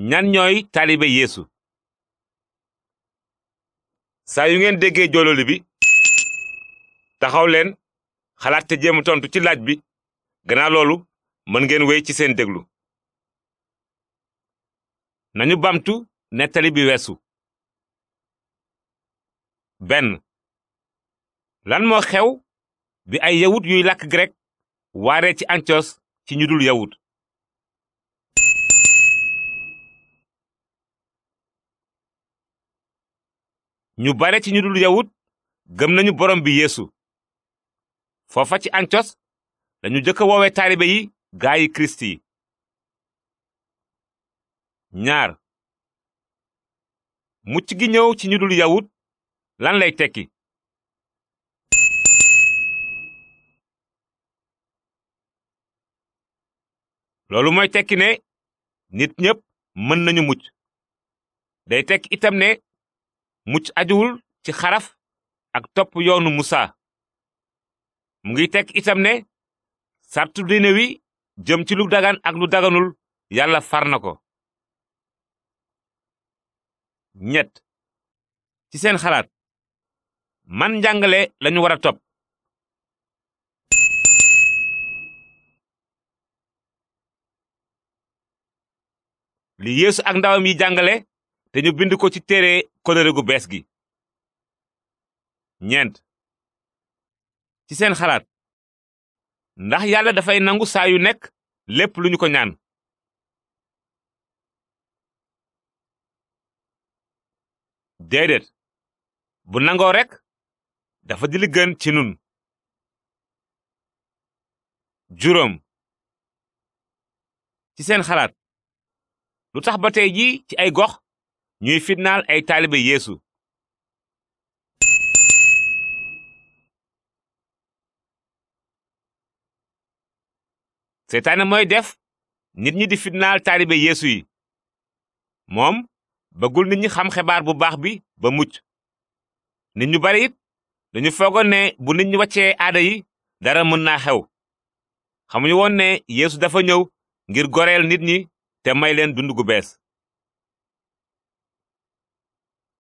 ñan ñooy taalibe yéesu saa yu ngeen déggee joololi bi taxaw leen xalaat te jéem tontu ci laaj bi gannaaw loolu mën ngeen wéy ci seen déglu nañu bamtu nettali bi weesu benn lan moo xew bi ay yawut yuy lakk grek waaree ci antios ci ñu dul yawut ñu bare ci ñu dul yawut gëm nañu borom bi yéesu foofa ci antiyos lañu jëkk woowe taalibe yi gaayi kirist yi ñaar mucc gi ñëw ci ñu dul yawut lan lay tekki loolu mooy tekki ne nit ñëpp mën nañu mucc day tekki itam ne mucc ajuwul ci xaraf ak topp yoonu musa mu ngi tekk itam ne sartu diine wi jëm ci lu dagan ak lu daganul yàlla far na ko ñett ci seen xalaat man njàngale lañu war a topp li yeesu ak ndawam yi jàngale te ñu bind ko ci téere kóllëre gu bees gi. ñeent ci seen xalaat ndax yàlla dafay nangu saa yu nekk lépp lu ñu ko ñaan. déedéet bu nangoo rekk dafa di gën ci nun juróom ci seen xalaat lu tax ba tey jii ci ay gox ñuy fitnaal ay taalibe yeesu seytaane mooy def nit ñi di fitnaal taalibe yéesu yi moom bëggul nit ñi xam xibaar bu baax bi ba mucc nit ñu bari it dañu foogoon bu nit ñi wàccee aada yi dara mën naa xew xamuñu woon ne yeesu dafa ñëw ngir goreel nit ñi te may leen dund gu bees